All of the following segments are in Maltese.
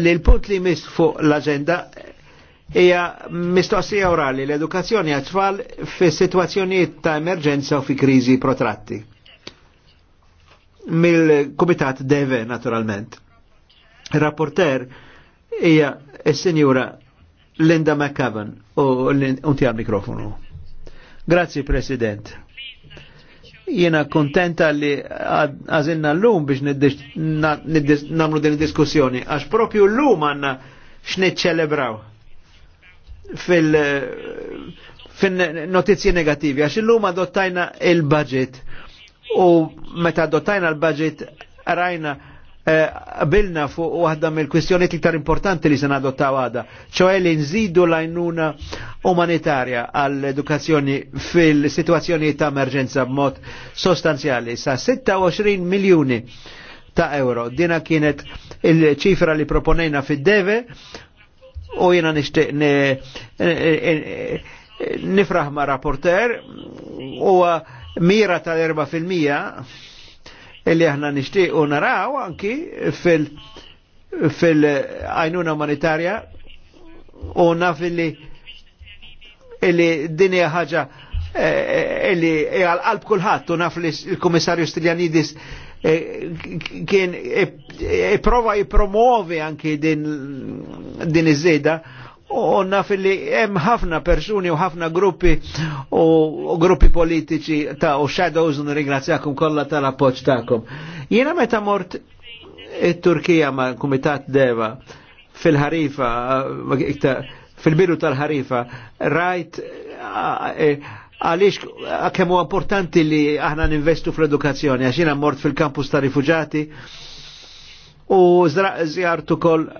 li l-punt li mis fuq l-agenda hija mistoqsija orali l-edukazzjoni għat fi situazzjonijiet ta' emerġenza u fi kriżi protratti. Mill-Kumitat Deve, naturalment. Rapporter hija s-senjura Linda McCavan u unti għal mikrofonu. Grazie, President. Jena kontenta li għazinna l-lum biex namlu din diskussjoni, għax propju l-lum għanna ċelebraw fil- notizji negativi, għax l-lum adottajna il-budget u meta adottajna l-budget rajna Eh, qabilna fuq waħda mill-kwistjoniet iktar importanti li se nadottaw għada, ċoħe li nżidu l-għajnuna umanitarja għall-edukazzjoni fil-situazzjoni ta' emerġenza b'mod sostanzjali sa' 26 miljuni ta' euro. Dina kienet il-ċifra li proponejna fid-deve u jena nishtiq nifraħ ma' rapporter u mira tal-4% illi aħna nixtiequ naraw anki fil fil-għajnuna umanitarja u naf illi illi din hija ħaġa illi għal-qalb kulħadd u naf li l-Kummissarju Stiljanidis kien iprova jipromuovi anki din din iż-żejda u naf li hemm ħafna persuni u ħafna gruppi u gruppi politiċi ta' u shadows u ringrazzjakom kollha tal-appoġġ tagħkom. Jiena meta mort it-Turkija ma' Kumitat Deva fil-ħarifa fil-biru tal-ħarifa rajt e, għalix kemmu importanti li aħna ninvestu fl-edukazzjoni għax jiena mort fil-kampus ta' rifuġati u zjartu kol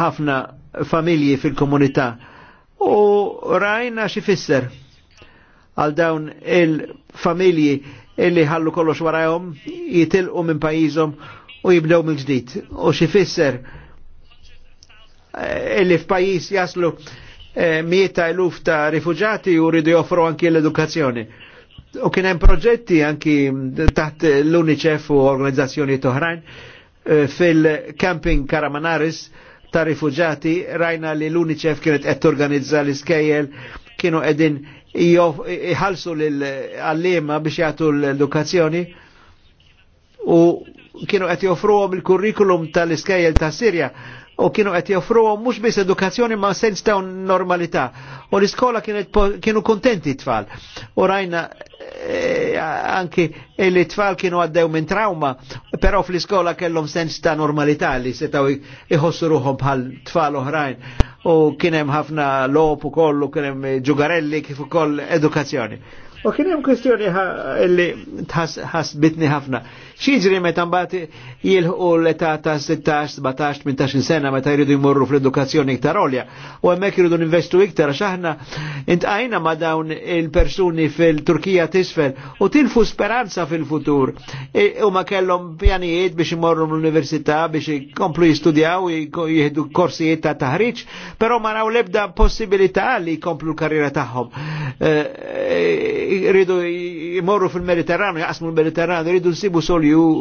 ħafna familji fil-komunità. U rajna xi fisser għal dawn il-familji illi ħallu kollox warajom jitilqu minn pajizom u jibdew mill-ġdid. U xi fisser eh, illi f'pajis jaslu eh, mieta eluf ta' rifugġati u ridu joffru anki l-edukazzjoni. U kien hemm proġetti anki taħt l-UNICEF u organizzazzjoni toħrajn eh, fil-camping Karamanaris ta' rifugjati rajna li l-UNICEF kienet qed torganizza l-iskejjel kienu qegħdin jħallsu l-għallima biex jagħtu l-edukazzjoni u kienu qed joffruhom il-kurrikulum tal-iskejjel ta' Sirja u kienu qed joffruhom mhux biss edukazzjoni ma' sens ta' normalità. U l-iskola kienu kontenti tfal. U rajna E, anki li tfal kienu għaddew minn trauma, però fl-iskola kellhom sens ta' normalità li setaw iħossu ruħom bħal tfal oħrajn u kien hemm ħafna lop kollu, kien hemm ġugarelli kif ukoll edukazzjoni. U kien hemm kwestjoni li ħasbitni ħafna. Xiġri meta mbagħad jilħu l-età ta' 16, 17, 18 sena meta jridu jmorru fl-edukazzjoni iktar olja. U hemmhekk jridu ninvestu iktar għax aħna intqajna ma' dawn il-persuni fil-Turkija tisfel u tilfu speranza fil-futur. E, u ma kellhom pjanijiet biex imorru l-università biex jkomplu jistudjaw jieħdu korsijiet ta' taħriġ, però ma l-ebda possibilità li jkomplu l-karriera tagħhom e, jridu jimorru fil-Mediterranu, jaqsmu l-Mediterranu, jridu nsibu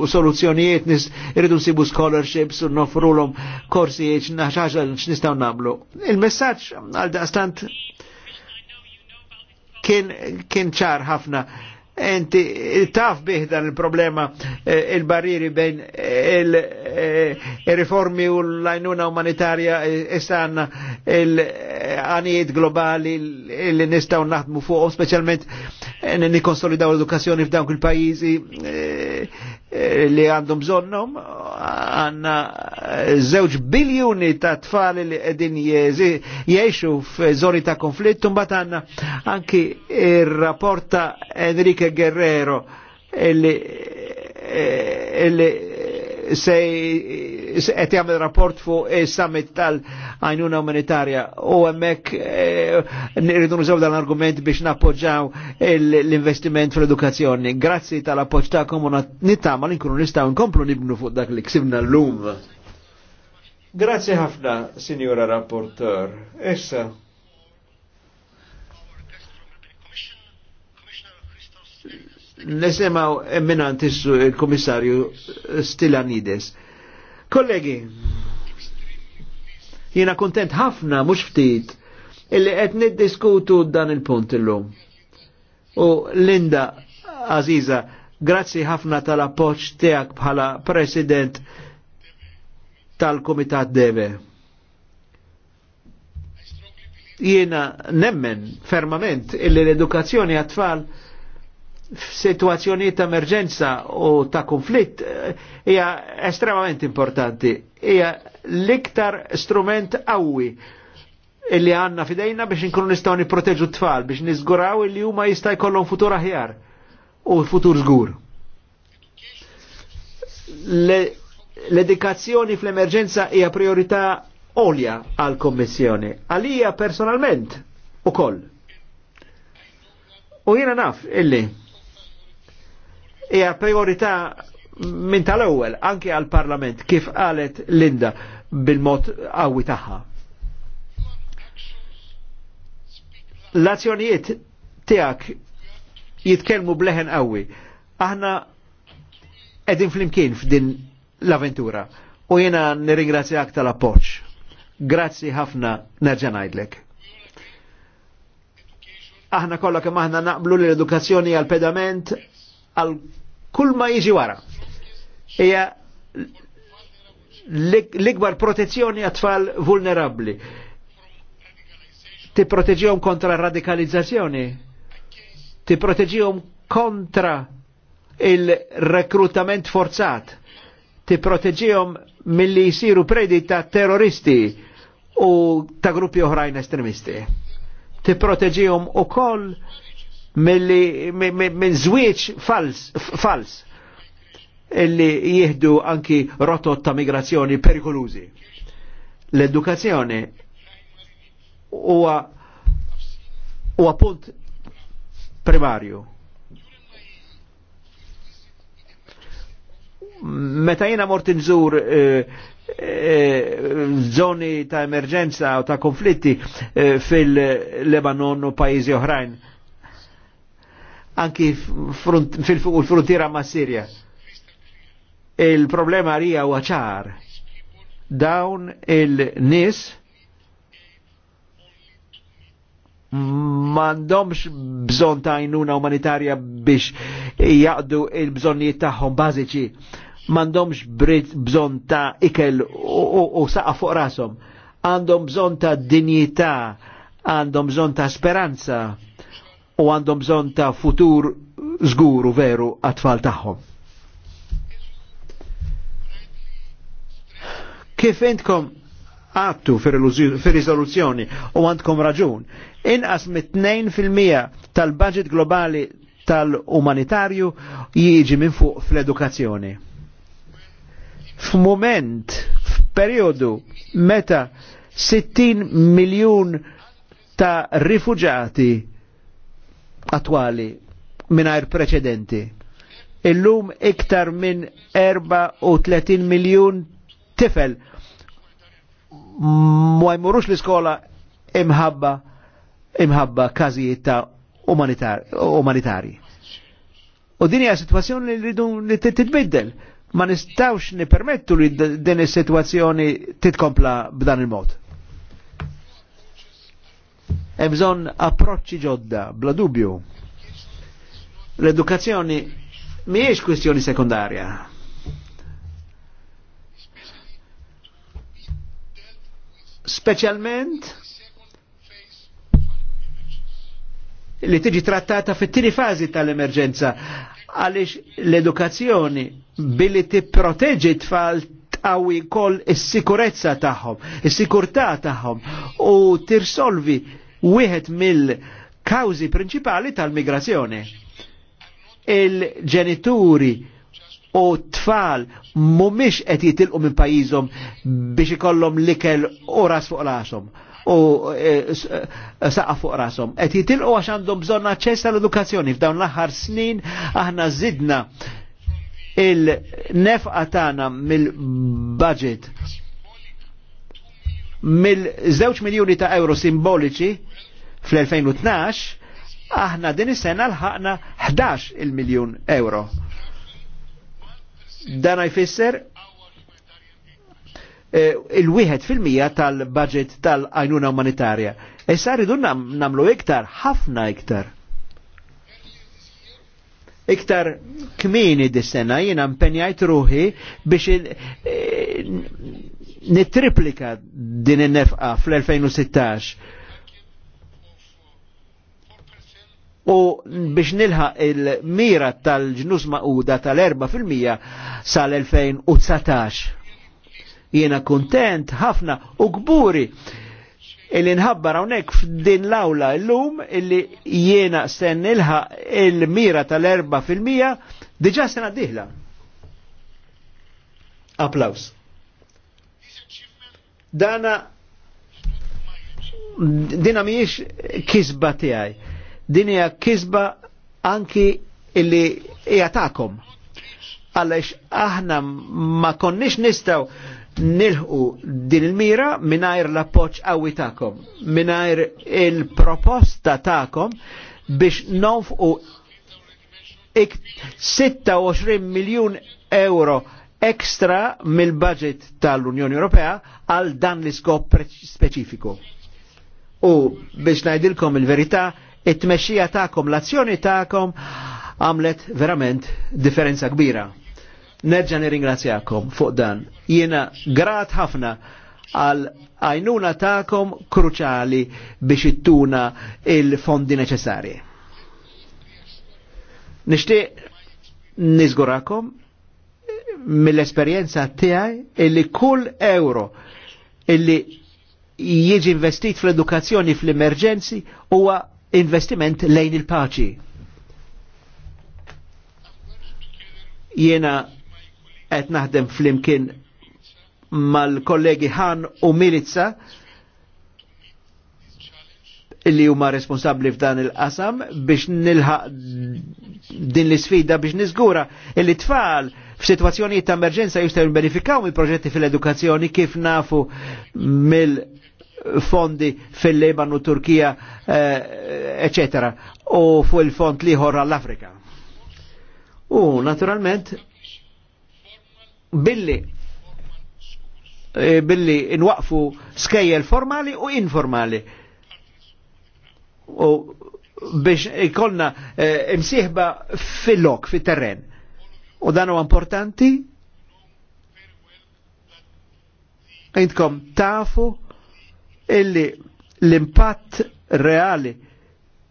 soluzzjonijiet, jridu nsibu scholarships, n-offrulom korsijiet, xaġa x-nistaw namlu. il messagġ għal-daqstant kien ċar ħafna enti taf bih dan il-problema eh, il-barriri bejn eh, il eh, reformi u l-lajnuna umanitarja istanna il-għanijiet globali li nistaw naħdmu fuq, specialment nikonsolidaw l-edukazzjoni f'dawk il-pajizi Eh, li għandhom bżonnom għanna zewġ eh, biljoni ta' tfali li għedin jiexu f'żoni ta' konflitt, un bat għanna anki il-rapporta Enrique Guerrero illi, eh, illi se qed jagħmel rapport fuq is-summit tal-għajnuna umanitarja u hemmhekk eh, nirridu nużaw dan l-argument biex nappoġġaw l-investiment fl-edukazzjoni. Grazzi tal-appoġġ tagħkom u nittama li nkunu nistgħu nkomplu nibnu fuq dak li ksibna llum. Grazzi ħafna, Sinjura Rapporteur. Issa, nisimaw eminant il-komissarju Stilanides. Kollegi, jiena kontent ħafna mhux ftit illi qed niddiskutu dan il-punt illum. U Linda Aziza, grazzi ħafna tal-appoġġ tiegħek bħala President tal-Kumitat Deve jiena nemmen fermament illi l-edukazzjoni għat-tfal f-situazzjoniet ta' emerġenza u ta' konflitt eh, hija estremament importanti. Hija l-iktar strument qawwi illi għanna fidejna biex nkunu nistgħu nipproteġu t-tfal biex niżguraw illi huma jista' jkollhom futur aħjar u futur żgur. L-edukazzjoni fl-emerġenza hija priorità olja għal-Kommissjoni. Għalija personalment u koll. U jena naf, illi, hija priorità minn tal-ewwel anke għal parlament kif qalet Linda bil-mod qawwi tagħha. L-azzjonijiet tiegħek jitkellmu bleħen qawwi. Aħna qegħdin flimkien f'din l-avventura u jiena nirringrazzjak tal-appoġġ. Grazzi ħafna nerġa' ngħidlek aħna kollha kemm aħna naqblu l-edukazzjoni għal pedament għal kull ma jiġi wara. Ija l-ikbar protezzjoni għat-tfal vulnerabli. Ti proteġijom kontra radikalizzazzjoni, ti proteġijom kontra il-rekrutament forzat, ti proteġijom mill-li jisiru predi ta' terroristi u ta' gruppi oħrajn estremisti. Ti proteġijom u koll minn zwieċ fals, fals illi jihdu anki rotot ta' migrazzjoni perikolużi. L-edukazzjoni huwa huwa punt primarju. Meta jiena mort nżur eh, eh, zoni ta' emerġenza u ta' konflitti eh, fil-Lebanon u pajizi oħrajn anki fil-frontiera ma' Sirja. Il-problema rija u ċar. Dawn il-nis mandomx bżon ta' jnuna umanitarja biex jaqdu il-bżonnijiet tagħhom bażiċi mandomx bżon ta' ikel u saqa fuq rasom. Għandhom bżon ta' dinjità, għandhom bżon ta' speranza u għandhom bżon ta' futur zguru veru għat-tfal tagħhom. Kif intkom għattu fir-riżoluzzjoni u għandkom raġun, inqas mit-2% tal-budget globali tal-umanitarju jiġi minn fuq fl-edukazzjoni. F'moment, f'periodu meta 60 miljun ta' rifugjati attwali mingħajr preċedenti. Illum iktar minn 34 miljun tifel ma jmurux l-iskola imħabba imħabba każijiet ta' umanitarji. U din hija sitwazzjoni li rridu titbiddel. Ma nistawx nipermettu li din is-sitwazzjoni titkompla b'dan il-mod bżon approċċi ġodda, bla dubju. L-edukazzjoni miex kwestjoni sekundarja. Specialment li tiġi trattata fit tini fazi tal-emerġenza għalix l-edukazzjoni billi ti proteġi tfal tqawi kol is-sikurezza tagħhom, is-sikurtà tagħhom u tirsolvi wieħed mill-kawzi prinċipali tal-migrazzjoni. Il-ġenituri u tfal mumiex qed jitilqu minn pajjiżhom biex ikollhom likel u ras fuq rashom u e, e, saqa fuq rashom. Qed jitilqu għax għandhom bżonn aċċess tal-edukazzjoni f'dawn l-aħħar snin aħna żidna il-nefqa tagħna mill-budget mill-żewġ miljuni ta' euro simboliċi Fl-2012 aħna din is-sena l-ħakna 11 il-miljun euro. Dan jfisser eh, il-wieħed fil-mija tal-budget tal-għajnuna umanitarja. Issa e rridu namlu iktar, ħafna iktar. Iktar kmini dis-sena jiena mpenjajt ruħi biex eh, nitriplika din in-nefqa fl-2016 u biex nilħa il-mira tal-ġnus maquda tal-4% sal-2019. Jiena kontent ħafna u gburi illi nħabbar hawnhekk f'din l-awla llum illi jiena sen nilħa il-mira tal-4% diġà sena diħla. Applaus. Dana dina miex kisba tiegħi din hija kisba anki illi hija tagħkom. Għaliex aħna ma konniex nistgħu nilħu din il-mira mingħajr l-appoġġ għawi ta'kom, mingħajr il-proposta tagħkom biex nonfqu 26 miljun euro ekstra mill-budget tal-Unjoni Ewropea għal dan l-iskop speċifiku. U biex najdilkom il verita it-tmexxija tagħkom, l-azzjoni tagħkom għamlet verament differenza kbira. Nerġa' nirringrazzjakom fuq dan. Jiena grat ħafna għal għajnuna tagħkom kruċali biex ittuna il-fondi neċessarji. Nixtieq nizgurakom mill esperjenza tiegħi illi kull euro illi jiġi investit fl-edukazzjoni fl-emerġenzi huwa investiment lejn il-paċi. Jena qed naħdem flimkien mal-kollegi Han u Milizza li huma responsabbli f'dan il-qasam biex nilħaq din l-isfida biex niżgura illi tfal f'sitwazzjonijiet ta' emerġenza jistgħu jbenifikaw mill-proġetti fil-edukazzjoni kif nafu mill- fondi fil-Lebanu, Turkija, eh, eccetera, u fuq il-fond liħor għall-Afrika. U naturalment, billi eh, billi inwaqfu skejjel formali u informali. U biex ikolna eh, imsieħba fil-lok, fil-terren. U danu importanti. Intkom tafu illi l-impatt reali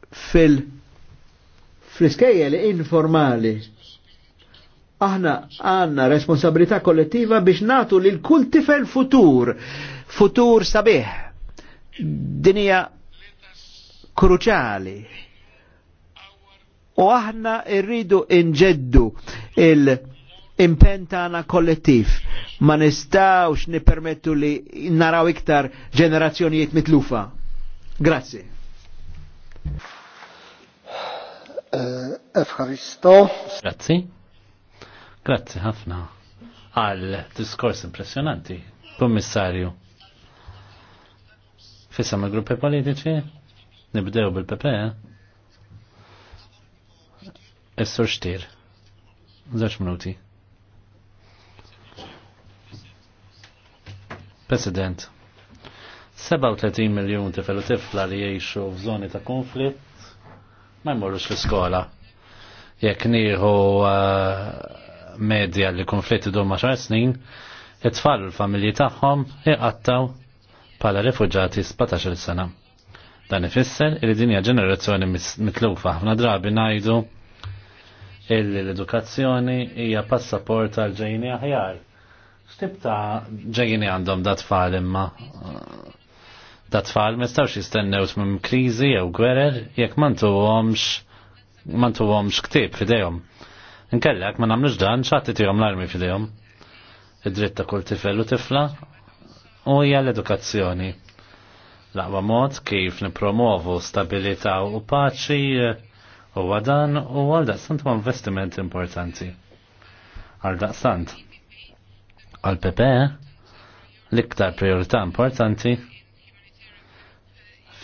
fil- fl li informali aħna għanna responsabilità kollettiva biex natu li l-kull tifel futur, futur sabiħ, dinija kruċali. U aħna irridu inġeddu il- impentana kollettiv. Ma nistawx nipermettu li naraw iktar ġenerazzjonijiet mitlufa. Grazie. Efkaristo. Eh, Grazzi. Grazzi ħafna għal diskors impressionanti, kommissarju. Fissam il-gruppi politiċi, nibdew bil-PP, Essor eh? xtir. Zax minuti. President, 37 miljon tifel u tifla li jiexu f'żoni ta' konflitt ma jmorrux l-iskola. Jekk nieħu eh, medja li konflitt idhom ma' xar snin, it-tfal l-familji tagħhom iqattaw bħala rifuġati 17 sena. Dan ifisser li dinja ġenerazzjoni mitlufa ħafna drabi ngħidu illi l-edukazzjoni hija passaport għal ġejni aħjar Stibta' ta' ġejjini għandhom da' tfal imma da' tfal mistawx jistennew minn krizi jew gwerer jekk mantu għomx ktib fidejhom. Nkellek ma namlux dan xatti tijom l-armi fidejhom. Id-dritt ta' kull tifel u tifla u hija l-edukazzjoni. Laqwa mod kif nipromovu stabilità u paċi u għadan u għal daqsant ma investiment importanti. Għal daqsant għal PP l-iktar priorità importanti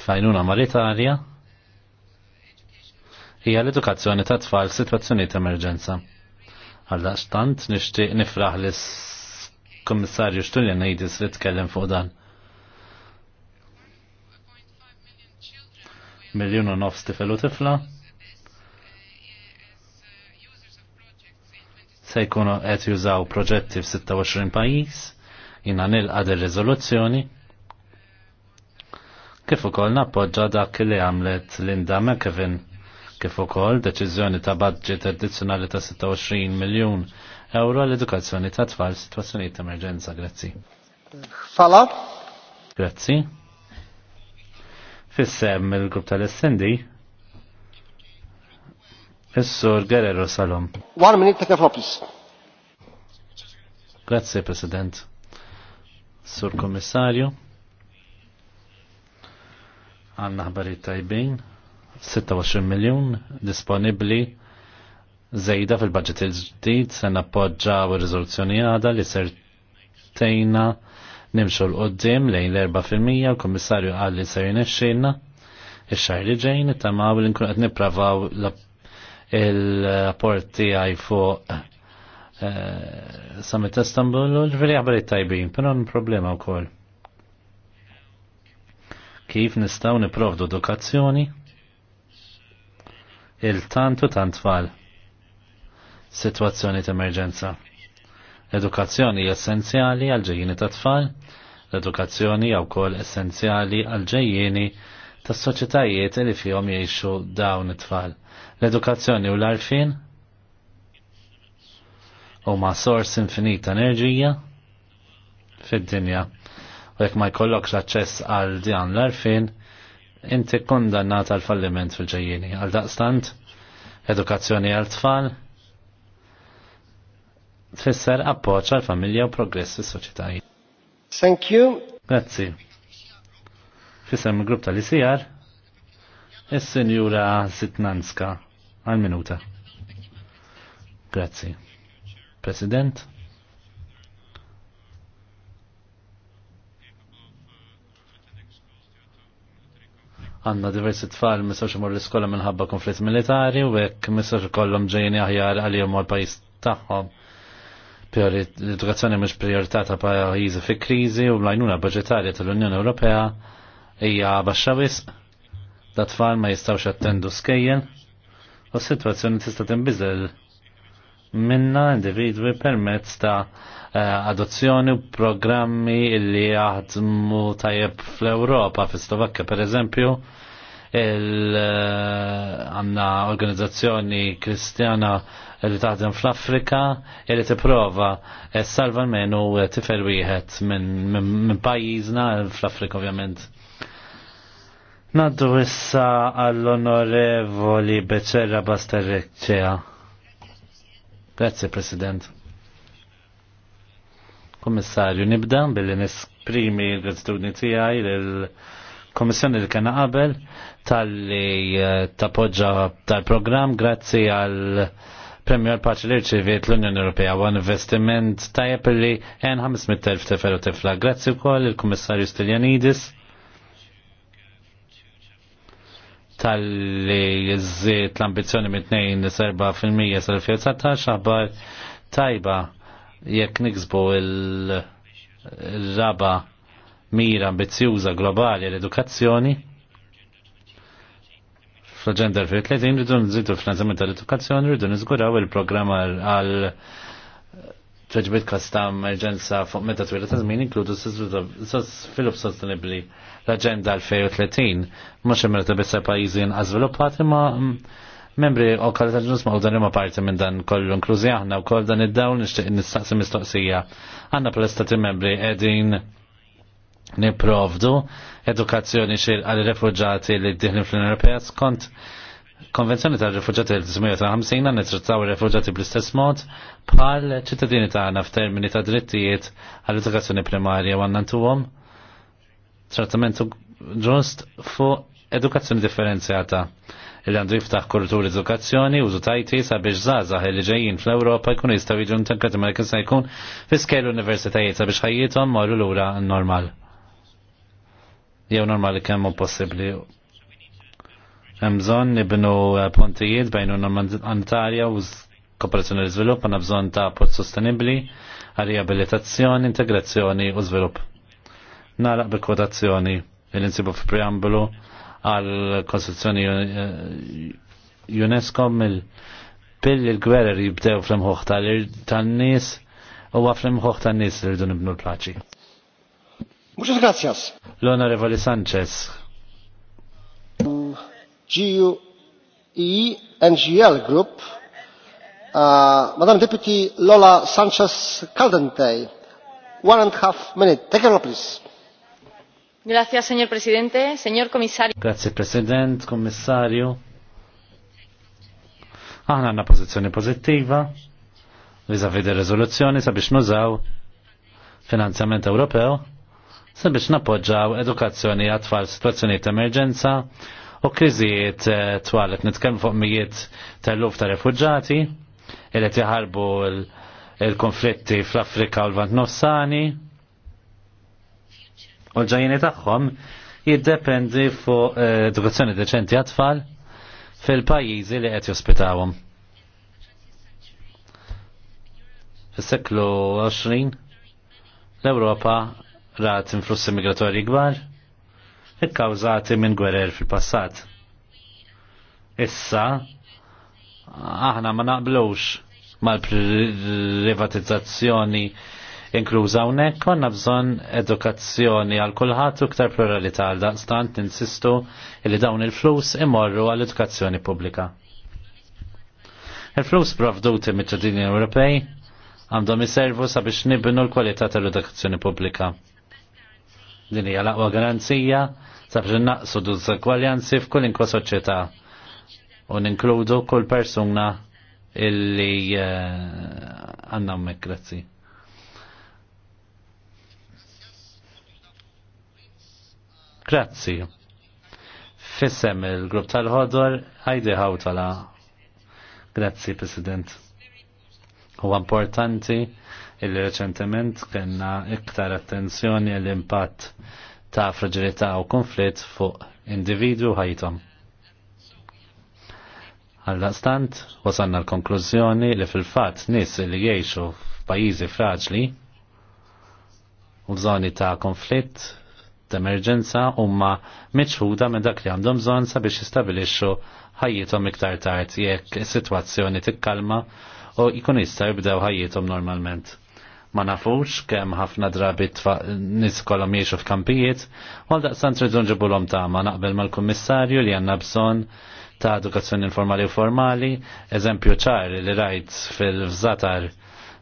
fajnuna maritarja hija l-edukazzjoni ta' tfal situazzjoni ta' emerġenza. Għalla xtant nishtiq nifraħ l komissarju Xtuljan Ejdis li tkellem fuq dan. Miljonu nofs tifel u tifla, se jkunu qed jużaw proġetti f'26 pajjiż, jina nilqa' ir-riżoluzzjoni. Kif ukoll nappoġġa dak li għamlet Linda McEvin kif ukoll deċiżjoni ta' budget addizzjonali ta' 26 miljun euro l-edukazzjoni ta' tfal situazzjonijiet ta' emerġenza. Grazzi. Fala. Grazzi. Fissem il-grupp tal-SND Is-sur Guerrero Salom. One minute floor, please. Grazie, President. Sur Kommissarju. Għanna ħbarit tajbin. 26 miljon disponibli zejda fil-budget il-ġdid se nappoġġa u rizoluzzjoni għada li sertejna nimxu l-qoddim lejn l-4% l-Kommissarju għalli ser jinexxinna ix-xahar li ġejn tamaw li nkun qed nippravaw il-rapport għaj fuq eh, Summit Istanbul u l-veri għabarit tajbin, pero problema u koll. Kif nistaw niprovdu edukazzjoni? Il-tant u tant tfal. Situazzjoni ta' emerġenza. Edukazzjoni essenzjali għal ġejjini t tfal, l-edukazzjoni għaw kol essenzjali għal ġejjini tas soċetajiet li fihom jgħixu dawn it-tfal. L-edukazzjoni u l-arfin huma sors infinita enerġija fid-dinja. U jekk ma jkollokx aċċess għal dan l-arfin, inti kondannat għal falliment fil-ġejjini. Għal daqstant, edukazzjoni għal tfal, tfisser appoċ għal familja u progress fis soċjetajiet Thank you. Grazie. Fissem il-grupp tal-ICR, il-Senjura Sitnanska, għal-minuta. Grazzi. President. għanna diversi tfal misoċ mor l-iskola minħabba konflitt militari u għek misoċ kollom ġejni aħjar għal-jom għal pajis taħħom. L-edukazzjoni mhux priorità ta' pajjiżi fi kriżi u l-għajnuna budġetarja tal-Unjoni Ewropea hija baxxa wisq, tfal ma jistawx attendu skejjen, u s-sitwazzjoni tista' tinbiżel minna individwi permezz ta' eh, adozzjoni u programmi illi jaħdmu tajjeb fl-Europa, fil-Slovakka per eżempju, eh, għanna organizzazzjoni kristjana li taħdem fl-Afrika e li tipprova eh, salva l-menu tifer wieħed minn min, min pajjiżna fl-Afrika ovvjament Naddu issa għall-onorevoli Becerra Basterreċċea. Grazie, President. Kommissarju, nibda billi nisprimi l-gratitudni tiegħi l kommissjoni li kena qabel tal-li eh, tappoġġa tal-programm grazzi għal premier paċi li rċiviet l-Unjoni Ewropea u investiment tajjeb li għen 500.000 tefer u tifla. Grazzi wkoll il komissarju Stiljanidis tal-li jizzit l-ambizjoni minn 2 4% sal-2019 ħabar tajba jekk niksbu il-raba mira ambizjuża globali l-edukazzjoni fl-Agenda 2030 rridu nżidu finanzjament tal-edukazzjoni rridu niżguraw il-programma għal tweġbit kastam ta' emerġenza fuq meta twila ta' żmien inkludu s-svilupp sostenibbli l-Aġenda 2030 mhux imreta bissa pajjiżi inqas imma mm, membri u koll ta' ġnus ma' imma parti minn dan kollu inkluzi aħna u koll dan id dawl nixtieq nistaqsi mistoqsija. Għandna pal-istati membri qegħdin niprovdu edukazzjoni xir għal refugġati li d-dihni fl-Unjoni Ewropea skont konvenzjoni tal refugġati l-1950 għan nitrattaw refugġati bl-istess mod bħal ċittadini tagħna f'termini ta' drittijiet għall edukazzjoni primarja għanna tuwom. Trattamentu ġust fuq edukazzjoni differenzjata il għandu jiftaħ kultur edukazzjoni użu tajti sabiex zazah li ġejjin fl-Ewropa jkun jistaw jiġu integrati ma jkun se jkun fiskejl universitajiet sabiex ħajjithom morru lura normal. Jew normali kemm hu possibbli. Hemm bżonn nibnu pontijiet bejn normalitarja u kooperazzjoni l-iżvilupp għandna bżonn ta' pot sostenibbli, għal riabilitazzjoni, integrazzjoni u żvilupp naraq bi kotazzjoni il insibu fi preambulu għal Kostituzzjoni eh, UNESCO mill pill il gwerer jibdew fl-imħuħ tal-nis u fl-imħuħ tal-nis li rridu nibnu l-plaċi. Muchas grazzjas. L-Onorevoli Sanchez. GUE NGL Group, uh, Madam Deputy Lola Sanchez Caldente, one and a half minute. Take care, please. Grazie, signor Presidente, signor Commissario. Grazie, President, Commissario. Aħna għanna pozizjoni pozittiva, vizavi rezoluzzjoni sabiex nużaw finanzjament Ewropew, sabiex napoġġaw edukazzjoni għatfall ta' emerġenza u kriżijiet eh, twalet nitkellmu fuq mijiet tal-luf ta' refugġati, il-et jaħarbu l-konflitti fl-Afrika u l-Vant Nofsani, u l-ġajjeni tagħhom jiddependi fuq eh, edukazzjoni deċenti għat-tfal fil-pajjiżi li qed jospitawhom. Fis-seklu 20 l-Ewropa rat influssi migratorji kbar ikkawżati minn gwerer fil-passat. Issa aħna ma naqblux mal-privatizzazzjoni inkluża hawnhekk konna bżonn edukazzjoni għal kulħadd u ktar pluralità għal daqstant insistu li dawn il-flus imorru għall edukazzjoni pubblika. Il-flus provduti mit-ċittadini Ewropej għandhom iservu sabiex nibnu l-kwalità tal-edukazzjoni pubblika. Din hija l-aqwa garanzija sabiex naqsu dużegwaljanzi f'kull inkwa soċjetà u ninkludu kull persuna illi eh, għanna uh, grazzi. Grazzi. Fissem il-grupp tal-ħodor għajdi ħawtala. Grazzi, President. Huwa importanti il reċentement kena iktar attenzjoni l-impatt ta' fragilità u konflitt fuq individu ħajtom. Għall-stant, wasanna l-konklużjoni li fil-fat nis li jiexu f'pajjiżi fraġli u f'żoni ta' konflitt ta' emerġenza huma miċħuda minn dak li għandhom bżonn sabiex jistabilixxu ħajjithom iktar tard jekk is-sitwazzjoni tikkalma u jkun jista' jibdew ħajjithom normalment. Ma nafux kemm ħafna drabi nies kolhom jiexu f'kampijiet, għal daqsan tridu nġibulhom tama naqbel mal-kummissarju li għandna bżonn ta' edukazzjoni informali u formali, eżempju ċar li rajt fil fżatar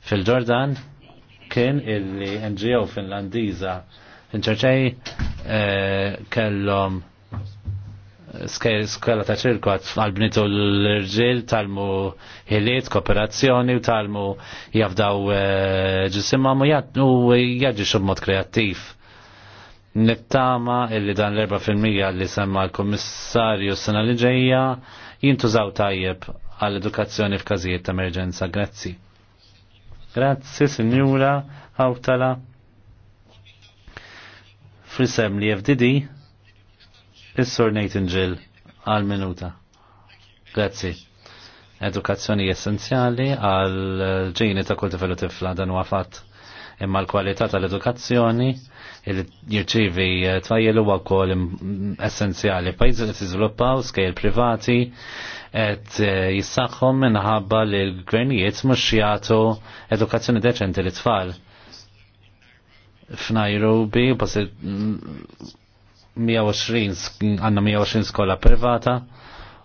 fil-Ġordan, kien illi NGO Finlandiża Inċerċej eh, kellhom skella ta' ċirkwa għal-bnitu l-irġil, talmu ħiliet, kooperazzjoni, u talmu jafdaw eh, ġisimam u jgħadġi b-mod kreattiv. Nittama illi dan l-4% li semma l komissarju s-sena li ġeja jintużaw tajjeb għall-edukazzjoni f'każijiet ta' emerġenza. Grazzi. Grazzi, Sinjura Awtala frisem isem li FDD is-Sur Nathan Gill għal minuta. Grazzi. Edukazzjoni essenzjali għal ġejni ta' kulti tifel tifla dan huwa fatt. Imma l-kwalità tal-edukazzjoni li jirċivi twajjel huwa wkoll essenzjali. Pajjiżi li tiżviluppaw skejl privati qed jissaħħhom minħabba li l-gvernijiet mhux jagħtu edukazzjoni deċenti lit tfal f'Nairobi, bas 120 għanna 120 skola privata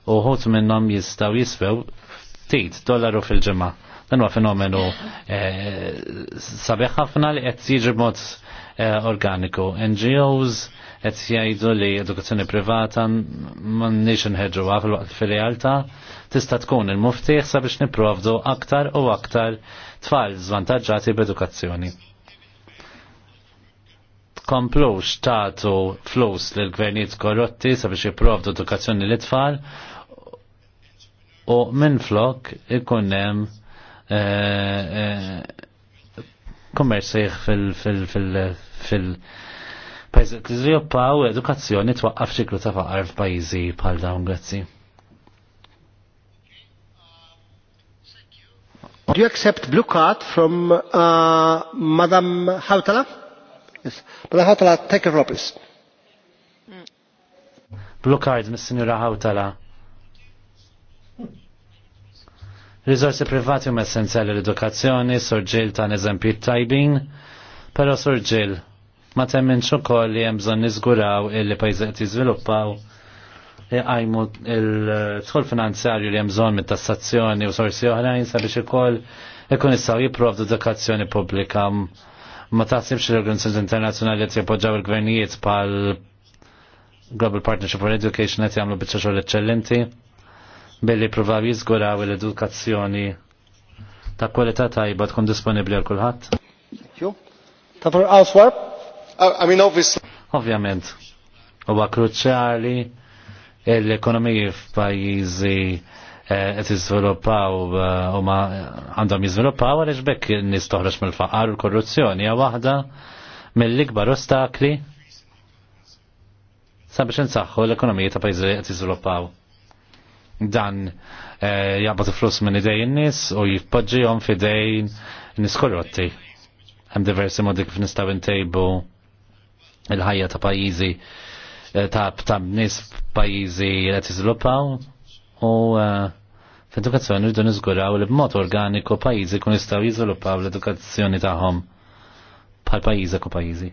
u ħut minnom jistaw jisfew ftit dollaru fil ġemma Dan huwa fenomenu eh, sabiħ ħafna li qed jiġi mod eh, organiku. NGOs qed jgħidu li edukazzjoni privata m'għandniex inħeġġuha fil-realtà tista' tkun il muftiħ sabiex nipprovdu aktar u aktar tfal żvantaġġati b'edukazzjoni komplux taħtu flus l gvernijiet korrotti sabiex jipprovdu edukazzjoni l tfal u minn flok ikun hemm eh, eh, kummerċ fil Pajzi, t u edukazzjoni twaqqaf ċiklu ta' faqar f'pajzi bħal dawn, grazzi. Do you accept blue card from uh, Madam Hautala? Bl-ħatala tek mis-sinjura ħawtala. Rizorsi privati huma essenzjali l-edukazzjoni, sorġil ta' t tajbin, però sorġil ma temminx ukoll li hemm bżonn niżguraw illi pajjiżi qed jiżviluppaw għajmu il-tħol finanzjarju li hemm bżonn mit-tassazzjoni u sorsi oħrajn sabiex ukoll ikun jistgħu jipprovdu edukazzjoni pubblika ma taħsibx l-organizzazzjoni internazzjonali qed jappoġġaw il-gvernijiet bħal Global Partnership for Education qed jagħmlu biċċa xogħol eċċellenti billi pruvaw jiżguraw l-edukazzjoni ta' kwalità tajba tkun disponibbli għal kulħadd. Uh, Ovvjament, huwa kruċjali l-ekonomiji f'pajjiżi qed eh, jiżviluppaw eh, u ma għandhom jiżviluppaw għaliex bekk nies toħroġ mill-faqar u korruzzjoni hija waħda mill-ikbar ostakli sabiex nsaħħu l-ekonomija ta' pajzi qed jiżviluppaw. Dan eh, jaqbad flus minn idej in-nies u jitpoġġihom f'idejn nis korrotti. Hemm diversi modi kif nistgħu intejbu il-ħajja ta' pajjiżi ta' nies pajjiżi qed jiżviluppaw u eh, f'edukazzjoni rridu niżguraw li b'mod organiku pajjiżi kun jistgħu jiżviluppaw l-edukazzjoni tagħhom bħal pajjiżek u pajjiżi.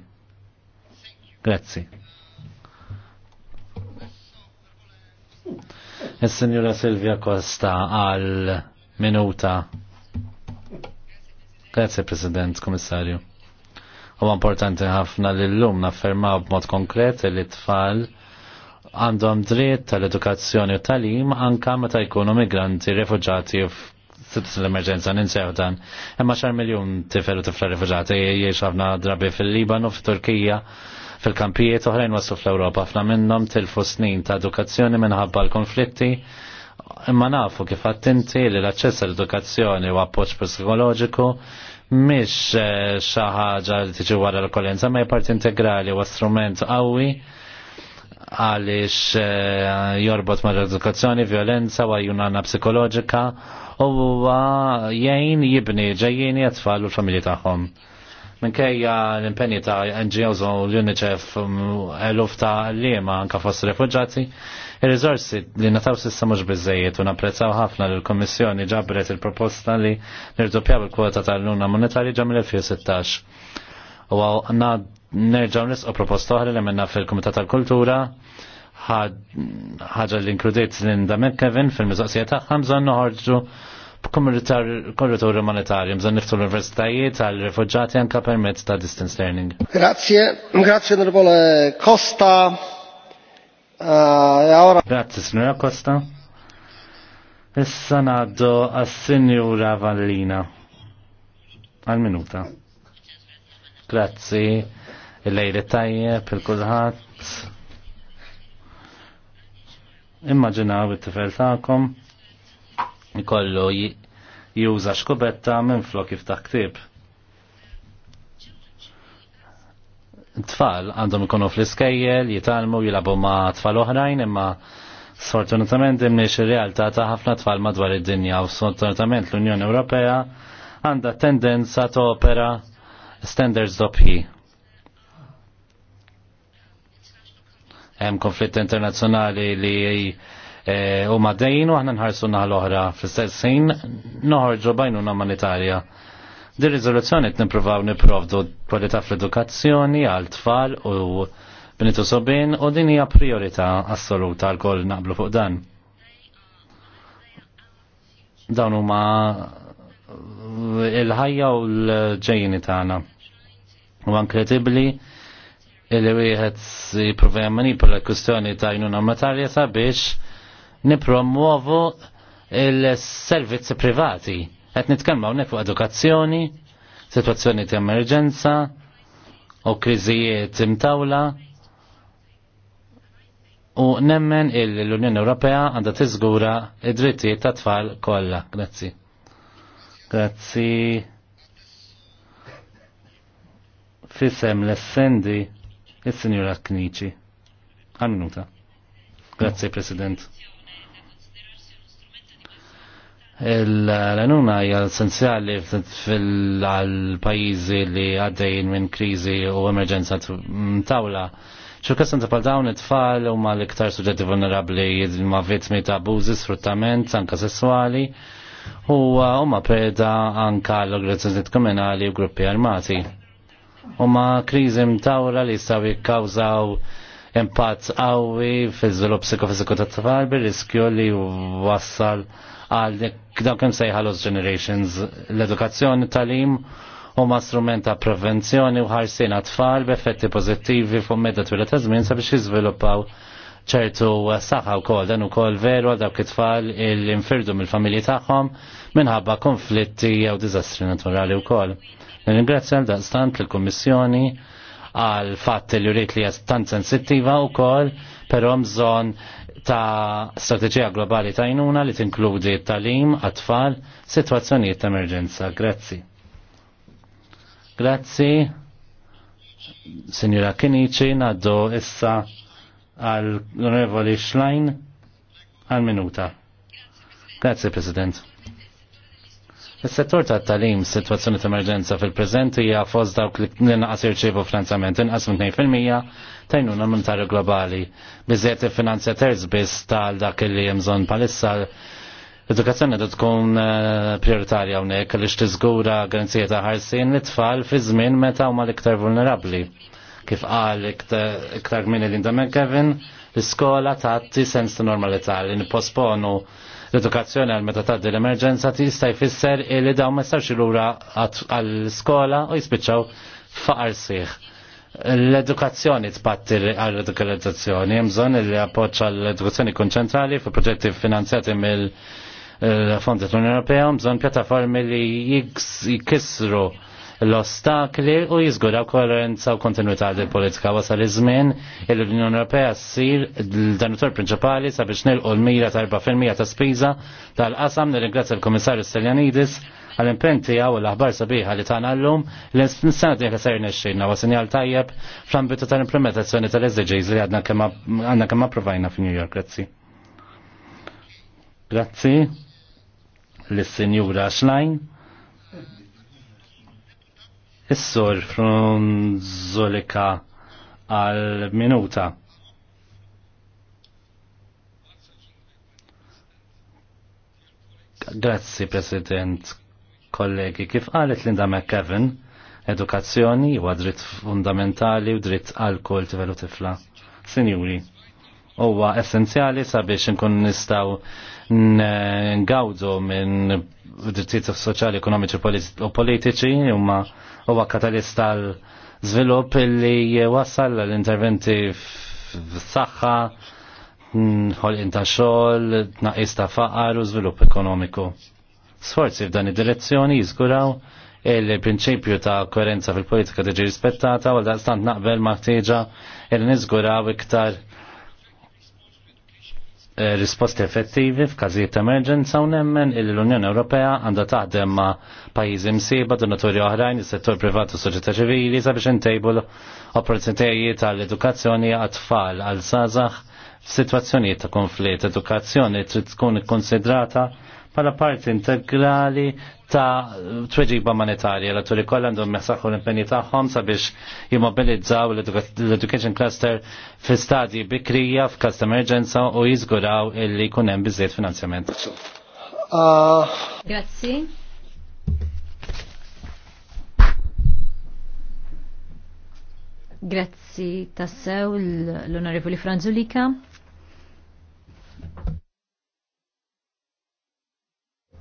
Grazzi. il senjura Silvia Costa għal minuta. Grazie, President, Komissarju. U importanti ħafna li l-lum naffermaw b'mod konkret li t-tfal għandhom dritt tal-edukazzjoni u tal-im anka meta jkunu migranti, refugġati u l-emerġenza ninsew dan. Imma xar miljon tifel u tifla refugġati jiex ħafna drabi fil-Libanu, fil-Turkija, fil-kampijiet oħrajn wasu fl europa ħafna minnhom tilfu snin ta' edukazzjoni minħabba l-konflitti imma nafu kif għattinti li l-aċċess għall-edukazzjoni u appoġġ psikoloġiku mhix eh, xaħġa ħaġa li tiġi wara l-kolenza ma hija parti integrali u strument qawwi għaliex eh, jorbot ma' edukazzjoni, violenza, għajunana psikoloġika u jgħin jibni ġejjini għatfall u l-familji tagħhom. Minkejja l impenni ta' NGOs u l-UNICEF mm, eluf ta' l-lima anka fost refugġati, il-rizorsi li nataw sissa mux bizzejiet u napprezzaw ħafna l-Komissjoni ġabret il-proposta li nirdupjaw il-kwota tal-luna monetari ġamil 2016 u għaw nerġaw nisqo proposta oħra li minna fil komitat tal-Kultura ħaġa li inkludiet Linda McKevin fil-mizoqsija tagħha bżonn noħorġu korritur umanitarju, bżonn niftu l-universitajiet għal refugġati anka permezz ta' distance learning. Grazie, grazie onorevole Costa. Eh, e grazie, signora Costa. Issa naddu għas-Sinjura Vallina. Għal minuta. Grazzi il-lejli tajjeb, il-kulħat. Immaġinaw it-tifel ta'kom ikollu juża xkubetta minn flok kif ta' ktib. Tfal għandhom ikonu fl-iskejjel, jitalmu, jilabu ma' tfal oħrajn, imma sfortunatament imniex ir-realtà ta' ħafna tfal madwar id-dinja u sfortunatament l-Unjoni Ewropea għandha tendenza ta' opera standards doppji hemm konflitt internazzjonali li eh, u maddejn u aħna nħarsu naħal oħra fl-istess ħin noħorġu bajnuna umanitarja. Di riżoluzzjoni qed nippruvaw nipprovdu kwalità fl-edukazzjoni għal tfal u bnitu sobin u din hija priorità assoluta għal naqblu fuq dan. Dawn huma il-ħajja u l-ġejjini tagħna. U inkredibbli illi wieħed jipprovja manipola kwistjoni kustjoni ta' jnuna ta' sabiex nipromuovu il-servizzi privati. Qed nitkellmu hawnhekk fuq edukazzjoni, sitwazzjoni ta' emerġenza u kriżijiet imtawla u nemmen l-Unjoni Ewropea għandha tiżgura id-drittijiet ta' tfal kollha. Grazzi. Grazzi. Fisem l-essendi. Il-Sinjura Knici. Annuta. Grazie, President. l anuna hija essenzjali fil-pajizi li għaddejn minn krizi u emerġenza tawla. ċurkas ta' dawn it-tfal u ma l-iktar suġġetti vulnerabli ma' vittmi ta' abuzi, sfruttament, anka sessuali u ma' preda anka l-organizzazzjoni komunali u gruppi armati u ma kriżi mtawra li jistgħu jikkawżaw impatt qawwi fizzilu psikofiziku ta' tfal bi riskju li wassal għal dawk kemm sejħa Lost Generations l-edukazzjoni talim u huma strument ta' prevenzjoni u ħarsina tfal b'effetti pożittivi fuq medda twila ta' żmien sabiex jiżviluppaw ċertu saħħa kol, dan ukoll veru għal dawk it-tfal il-infirdu mill-familji tagħhom minħabba konflitti jew diżastri naturali wkoll. Nirringrazzja għal daqstant l-Kummissjoni għal fatt li jurit li tant sensittiva wkoll, però mżon ta' strateġija globali ta' jnuna li tinkludi t-talim, għat-tfal, ta' emerġenza. Grazzi. Grazzi. Signora Kenici, naddu issa għal l-Onorevoli Schlein għal minuta. Grazie, President. Is-settur tat-talim situazzjoni ta' emerġenza fil prezent hija fost dawk li naqas jirċievu finanzjament inqas minn 2% tajnuna monetarju globali. Biżiet il-finanzja terz biss tal dak li hemm bżonn l Edukazzjoni da tkun eh, prioritarja hawnhekk li tiżgura garanzija ta' ħarsin li tfal fi żmien meta huma l-iktar vulnerabbli Kif qal iktar minn Linda McGavin, l-iskola tatti sens normalità li nipposponu l-edukazzjoni għal meta tgħaddi l-emerġenza tista' jfisser li dawn ma jistgħux ilura għall-iskola u jispiċċaw faqar sieħ l-edukazzjoni tpatti għall-edukazzjoni, jemżon li appoċ għall-edukazzjoni konċentrali fi proġetti finanzjati mill fondi l-Unjoni Ewropea, mżon pjattaformi li jikisru l-ostakli u jizgura koerenza u kontinuità di politika wasal iż-żmien l Europea s ssir l-danutor prinċipali sabiex nilqu l-mira ta' 4% ta' spiża tal-qasam nil-ingrazz il kummissarju Seljanidis għal-impen għaw u l-aħbar sabiħa li ta' għallum l s-sena diħla ser nesċinna wa sinjal tajjeb fl-ambitu tal-implementazzjoni tal-SDGs li għadna kemm provajna fi New York. Grazzi. Grazzi l-Sinjura Schlein. Is-sur Frunzulika għal minuta. Grazzi, President, kollegi. Kif qalet Linda McKevin, edukazzjoni huwa dritt fundamentali u dritt għal kol tifla. Sinjuri, huwa essenzjali sabiex nkun nistgħu ngawdu minn drittijiet soċjali, ekonomiċi u politiċi huma huwa katalist tal-żvilupp li wassal l-interventi f'saħħa, ħolqien ta' xogħol, tnaqqis ta' faqar u żvilupp ekonomiku. Sforzi f'dan id-direzzjoni jiżguraw il-prinċipju ta' koerenza fil-politika tiġi rispettata u għal-dastant naqbel ma' ħtieġa il-nizguraw iktar Eh, risposti effettivi f'każijiet ta' emerġenza u nemmen il l-Unjoni Ewropea għandha taħdem ma' pajjiżi msiba, donaturi oħrajn, is-settur privat u soċjetà ċivili sabiex intejbu opportunitajiet għall edukazzjoni għat-tfal għal sażaħ f'sitwazzjonijiet ta' konflitt. Edukazzjoni trid tkun ikkonsidrata bħala parti integrali ta' tweġiba monetarja l turi koll għandhom jasaxħu l impenni tagħhom sabiex jimmobilizzaw l-education cluster fi stadji bikrija f'każ ta' emerġenza u jiżguraw illi jkun hemm biżejjed finanzjament. Grazzi. Grazzi tassew l-Onorevoli Franzulika.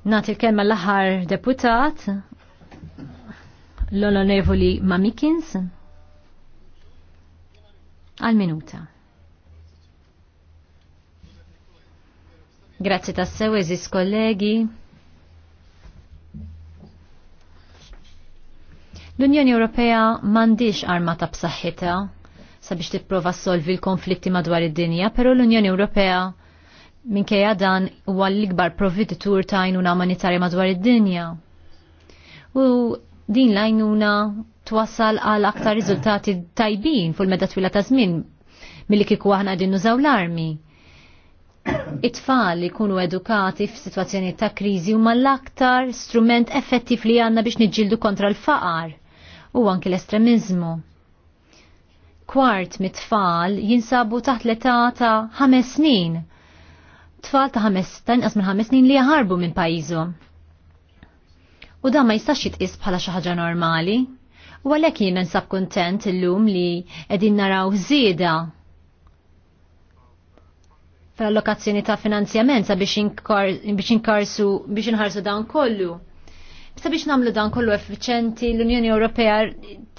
Nati l-kelma l-aħħar deputat, l-onorevoli Mamikins, għal-minuta. Grazzi tas-sew, eżis kollegi. L-Unjoni Ewropea mandiġ armata b'saħħitha sabiex tipprova solvi l-konflitti madwar id-dinja, però l-Unjoni Ewropea minkejja dan huwa l-ikbar provvititur ta' għajnuna umanitarja madwar id-dinja. U din l-għajnuna twassal għal aktar riżultati tajbin fuq meda twila ta' żmien milli kieku aħna qegħdin nużaw l-armi. It-tfal li jkunu edukati f'sitwazzjoni ta' kriżi huma l-aktar strument effettiv li għandna biex niġġieldu kontra l-faqar u anki l-estremizmu kwart mit-tfal jinsabu taħt l-età ta' ħames snin tfal ta' ħames ta' inqas minn ħames snin li jaħarbu minn pajjiżhom. U dan ma jistax jitqis bħala xi ħaġa normali. U għalhekk jien nsab kuntent illum li qegħdin naraw żieda fl-allokazzjoni ta' finanzjament sabiex inkarsu biex inħarsu dan kollu. biex nagħmlu dan kollu effiċenti l-Unjoni Ewropea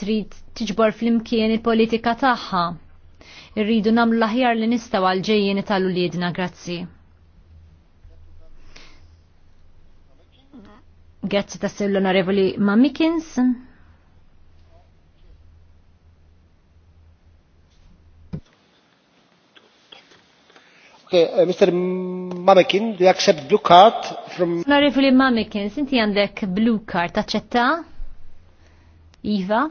trid tiġbor flimkien il-politika tagħha irridu namlu l-aħjar li nistaw għal-ġejjien tal-uliedna, grazzi. Grazzi tassew l'onorevoli onorevoli Mamikins. Okay, uh, Mr. Mamekin, do you accept blue card from... Onorevoli Mamikin, inti għandek blue card, taċċetta? Iva?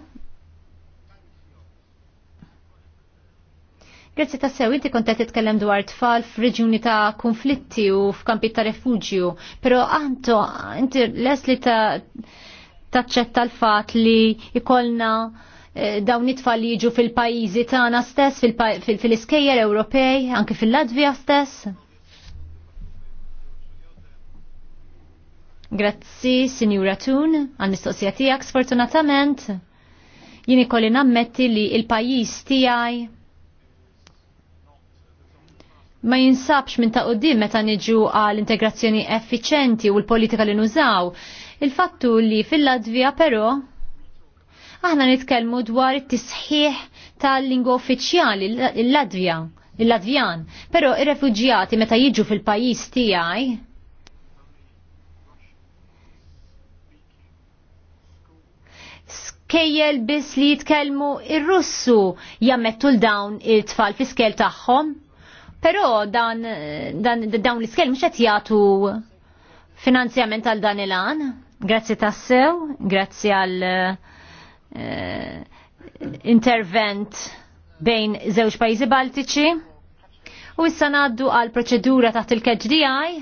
Grazzi ta' sew, inti kontet titkellem dwar tfal f'reġjuni ta' konflitti u f'kampi ta' refugju, pero għanto, inti lesli li ta' taċċetta l-fat li jkollna eh, dawn it-tfal li jiġu fil-pajizi tagħna stess, fil-iskejjer Ewropej, anke fil-Latvija stess? Grazzi, Sinjura Tun, għal-mistoqsija tiegħek sfortunatament. Jien ikolli nammetti li il-pajjiż tiegħi ma jinsabx minn ta' qoddim meta niġu għal integrazzjoni effiċenti u l-politika li nużaw. Il-fattu li fil-Latvija però aħna nitkellmu dwar it-tisħiħ tal-lingwa uffiċjali l-Latvija, il-Latvjan, però ir-refuġjati meta jiġu fil-pajjiż tiegħi kejjel biss li jitkellmu ir-Russu jammettu l-dawn it-tfal fis-skel tagħhom Però dan, dan, dawn l-iskel mhux qed jagħtu finanzjament għal dan il an Grazzi tassew, grazzi għal eh, intervent bejn żewġ pajjiżi Baltiċi. U issa ngħaddu għal proċedura taħt il-KGDI.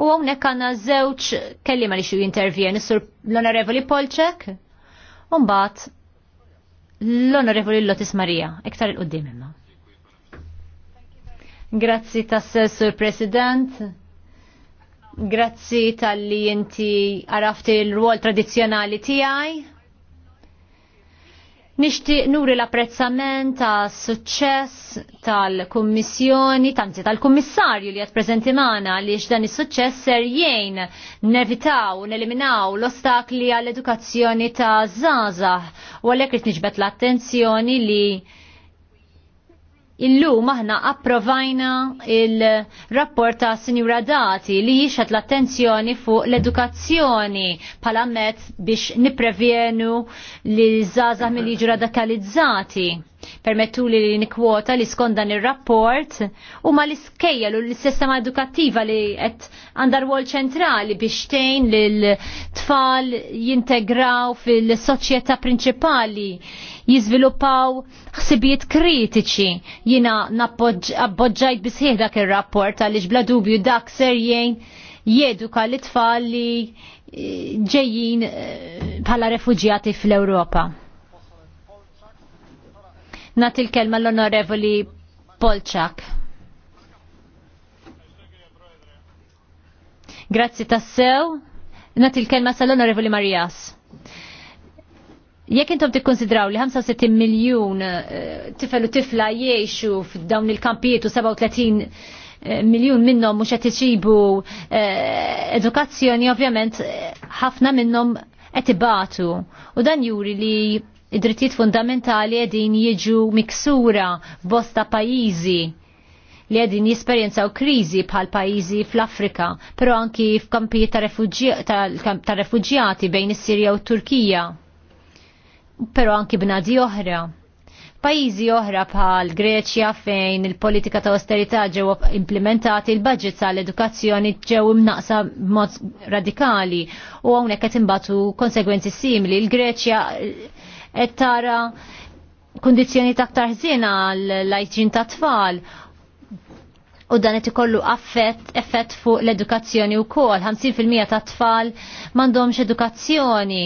U hawnhekk għandna żewġ kelliema li xu jintervjeni sur l-Onorevoli Polċek. mbagħad l-Onorevoli Lotis Marija, iktar il-qoddim imma. Grazzi tas-Sur President. Grazzi tal-li inti għarafti l ruol tradizjonali tiegħi. Nixtieq nuri l-apprezzament ta' suċċess tal-Kummissjoni, tanti tal-Kummissarju li qed prezenti maħna għaliex dan is-suċċess ser jgħin nevitaw, neliminaw l-ostakli għall-edukazzjoni ta' żgħażagħ u għalhekk qed niġbed l-attenzjoni li Illum aħna approvajna il-rapport ta' Sinjura Dati li jixat l-attenzjoni fuq l-edukazzjoni pala mezz biex niprevjenu li zazah mill radikalizzati. Permettu li li nikwota li skondan il-rapport u ma li skejja l-sistema edukattiva li għet għandar wol ċentrali biex tejn li l-tfal jintegraw fil-soċieta prinċipali jizviluppaw ħsibijiet kritiċi. Jina appoġġajt bisħieħ dak ir-rapport għaliex bla dubju dak ser jgħin jeduka l-itfall li eh, ġejjin eh, bħala refuġjati fl-Ewropa. Nat il-kelma l-onorevoli Polczak. Grazzi tassew. Nat il-kelma sal-onorevoli Marijas. Jekk intom tikkonsidraw li 65 miljun eh, tifel u tifla jiexu f'dawn il-kampijiet u 37 eh, miljun minnhom mhux qed iġibu eh, edukazzjoni, ovvjament ħafna minnhom qed ibatu. U dan juri li id-drittijiet fundamentali qegħdin jiġu miksura f'bosta pajjiżi li għedin jisperjenzaw krizi bħal pajizi fl-Afrika, pero anki f'kampijiet ta' refugjati bejn is-Sirja u t Turkija pero anki b'nadi oħra. Pajizi oħra bħal Greċja fejn il-politika ta' austerità ġew implementati il-budget tal-edukazzjoni ġew imnaqsa b'mod radikali u hawnhekk qed imbagħtu konsegwenzi simili. Il-Greċja eh, qed tara kundizzjoni ta' aktar għall l-lajġin ta' tfal u dan qed ikollu affett effett fuq l-edukazzjoni wkoll. 50% ta' tfal m'għandhomx edukazzjoni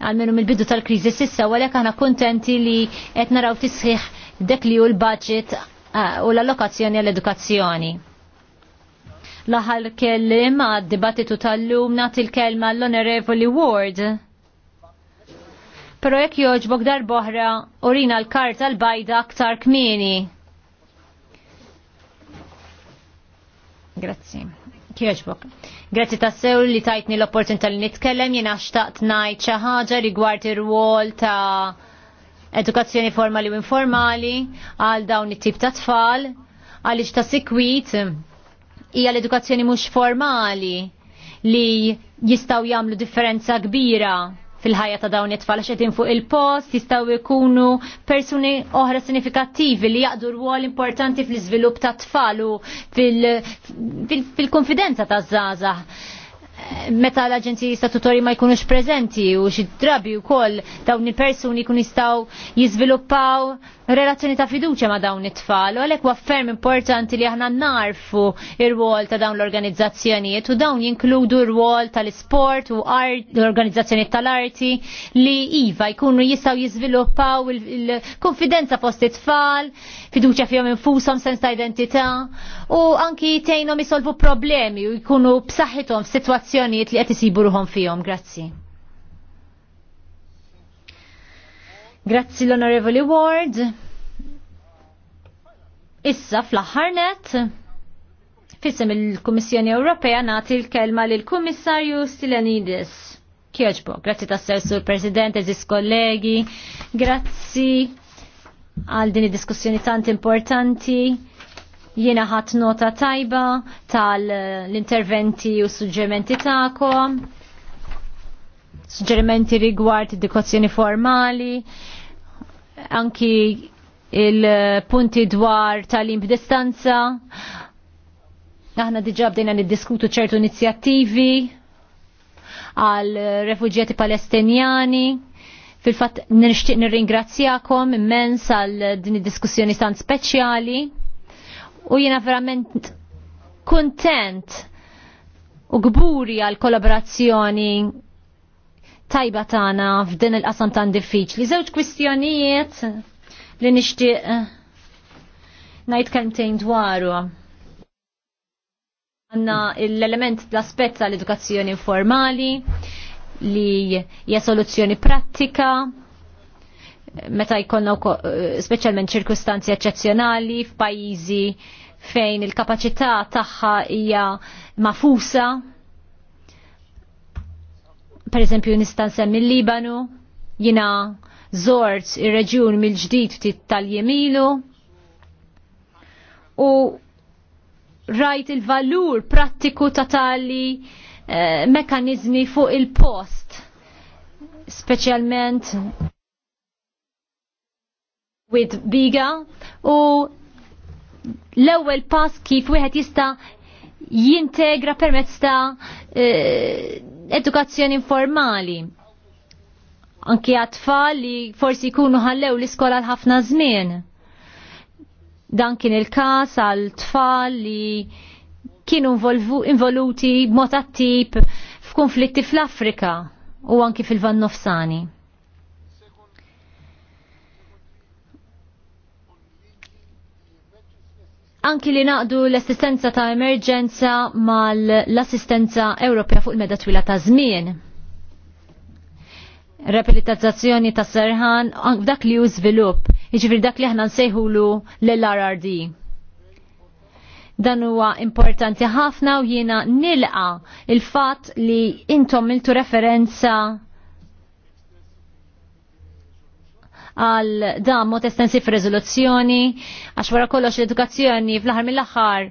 għalmenu mill-bidu tal-krizi sissa, u għalek għana kontenti li qed naraw tisħiħ dek li u l-budget uh, u l-allokazzjoni għall-edukazzjoni. Laħal kellim għad dibattitu tal-lum nagħti l-kelma l honorable Ward. Pero jekk joġbok darboħra urina l-karta l-bajda aktar kmini. Grazzi. Kjoġbok. Grazzi ta' sew li tajtni l-opportunità li nitkellem jiena xtaqt ngħid xi ħaġa rigward ir-rwol ta' edukazzjoni formali u informali għal dawn it-tip ta' tfal għaliex ta' sikwit hija l-edukazzjoni mhux formali li jistgħu jagħmlu differenza kbira fil-ħajja ta' dawn it-tfal xedin fuq il-post, jistgħu jkunu persuni oħra sinifikattivi li jaqdu rwol importanti fl-iżvilupp ta' tfal u fil-konfidenza ta' żgħażagħ meta l-aġenziji statutori ma jkunux preżenti u xi drabi wkoll dawn il-persuni jkunu jistgħu jiżviluppaw relazzjoni ta' fiduċja ma' dawn it-tfal u għalhekk wafferm importanti li aħna narfu ir-rwol ta' dawn l-organizzazzjonijiet u dawn jinkludu r-rwol tal-isport u l-organizzazzjoni tal-arti li iva jkunu jistgħu jiżviluppaw il-konfidenza fost it-tfal, fiduċja fihom infushom sens ta' identità u anki tgħinhom isolvu problemi u jkunu b'saħħithom f'sitwazzjonijiet li qed isibu ruhom fihom. Grazzi. Grazzi l-Onorevoli Ward. Issa fl-aħħar net, fissem il-Kummissjoni Ewropea nagħti l-kelma l kummissarju Stilenidis. Kjoġbo, grazzi tassew sur President, eżis kollegi, grazzi għal din id-diskussjoni tant importanti. Jiena ħat nota tajba tal-interventi u suġġerimenti tagħkom suġġerimenti rigward id-dikozzjoni formali, anki il-punti dwar tal-im b'distanza. Aħna diġa bdejna niddiskutu ċertu inizjattivi għal refugjati palestinjani. Fil-fat nirxtiq nirringrazzjakom immens għal din id-diskussjoni stan speċjali. U jiena verament kontent u gburi għal kollaborazzjoni tajba tagħna f'din il-qasam tan diffiċli. Żewġ kwistjonijiet li nixtieq eh, ngħid kelmtejn dwaru. Għanna l-element l-aspett tal-edukazzjoni informali li hija soluzzjoni prattika meta jkollna eh, speċjalment ċirkustanzi eċċezzjonali f'pajjiżi fejn il-kapaċità tagħha hija mafusa Per esempio nista' nsemmi l-Libanu, jina zort ir-reġjun mill-ġdid ftit tal-Jemilu u rajt il-valur prattiku ta' tali eh, mekanizmi fuq il-post, specialment with biga u l-ewwel pass kif wieħed jista' jintegra permezz ta' eh, edukazzjoni informali. Anki għatfall li forsi jkunu ħallew l-iskola l-ħafna żmien. Dan kien il-kas għal tfal li kienu involuti b'mod attib f'konflitti fl-Afrika u anki fil vannofsani anki li naqdu l-assistenza ta' emerġenza mal-assistenza Ewropea fuq il-meda twila ta' żmien. Repelitazzazzjoni ta' serħan dak li hu żvilupp, jiġifieri dak li aħna nsejhulu l-RRD. Dan huwa importanti ħafna u jiena nilqa il-fatt li intom miltu referenza għal dan mod estensif rezoluzzjoni għax wara kollox l-edukazzjoni fl-aħħar mill-aħħar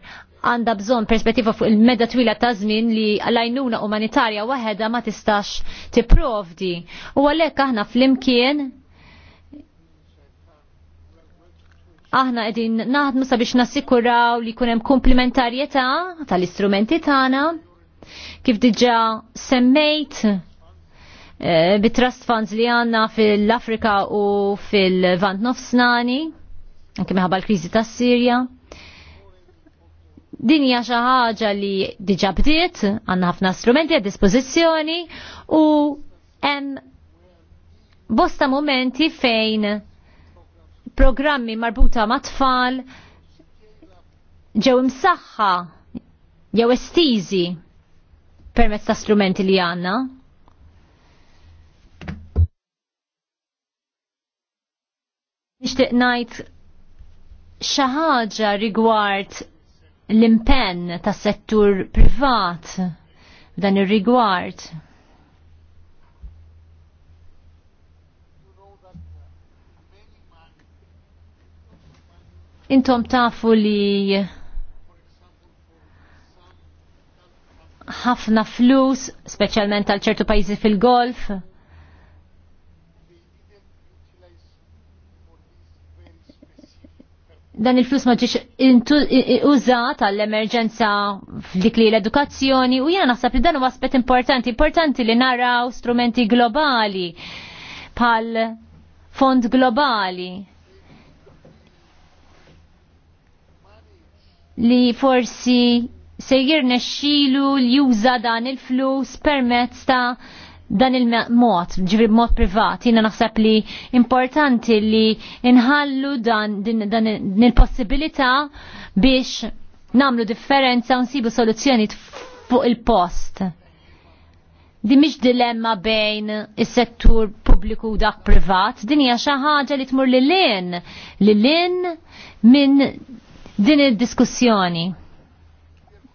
għandha bżonn perspettiva fuq il-medda twila ta' żmien li l-għajnuna umanitarja waħedha ma tistax tipprovdi. U għalhekk aħna flimkien aħna qegħdin naħdmu sabiex nassikuraw li jkun hemm komplementarjetà tal-istrumenti tagħna kif diġà semmejt Eh, bit-trust funds li għanna fil-Afrika u fil-Vant Nofsnani, anke meħabba l-krizi tas sirja Din hija xi ħaġa li diġà bdiet, għandna ħafna strumenti għad dispożizzjoni u hemm bosta momenti fejn programmi marbuta ma' tfal ġew imsaħħa jew estiżi permezz ta' strumenti li għandna. nishtiq najt xaħġa ħaġa rigward l-impenn tas-settur privat f'dan ir-rigward. intom tafu li ħafna flus, specialment għal ċertu pajjiżi fil-golf, dan il-flus ma ġiex użat għall-emerġenza f'dik li l-edukazzjoni u jena naħseb li dan huwa aspett importanti, importanti li naraw strumenti globali pal fond globali li forsi sejjir nexxilu l-juża dan il-flus permezz ta' dan il-mod, ġivri mod privat, jina naħseb li importanti li inħallu dan, din, dan il-possibilità biex namlu differenza u nsibu soluzzjoni fuq il-post. Di mhix dilemma bejn is-settur pubbliku u dak privat, din hija xi ħaġa li tmur lil lin lil lin minn din id-diskussjoni.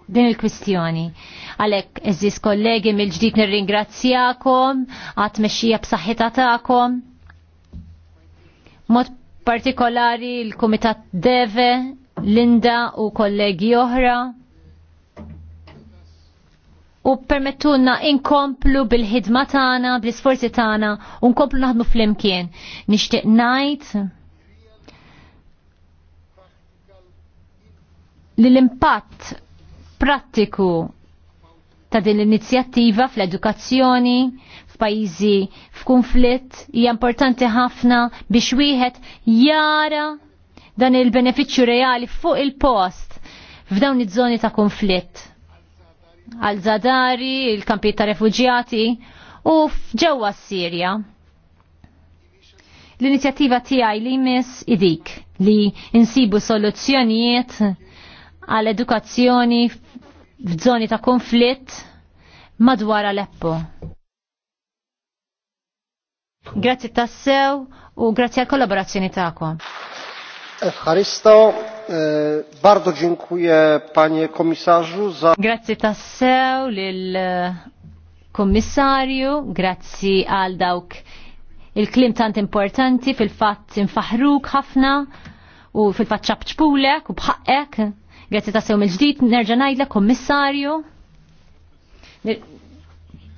Din il-kwistjoni. Għalek, eżis kollegi mill-ġdid nirringrazzjakom, għat meċxija b'saħħita ta'kom. Mod partikolari l-Komitat Deve, Linda u kollegi oħra. U permettunna inkomplu bil-ħidma tagħna, bl-isforzi tagħna, u nkomplu naħdmu fl-imkien. Nixtieq ngħid li l-impatt prattiku ta' din l-inizjattiva fl-edukazzjoni, f'pajjiżi f'kunflitt hija importanti ħafna biex wieħed jara dan il-benefiċċju reali fuq il-post f'dawn iż-żoni ta' konflitt. Għal Zadari, il-kampi ta' refugjati u f'ġewwa Sirja. L-inizjattiva tiegħi li jmiss idik li insibu soluzzjonijiet għal edukazzjoni f'żoni ta' konflitt madwar Aleppo. Grazzi tassew u grazzi għal kollaborazzjoni ta'kom. Ħaristo, eh, eh, bardzo dziękuję panie komisarzu za... Grazzi tassew lil eh, komissarju, grazzi għal dawk il-klim tant importanti fil-fat infaħruk ħafna u fil-fat ċabċpulek u bħaqek Grazie ta' sew mill-ġdid, nerġa' ngħidlek, Kommissarju.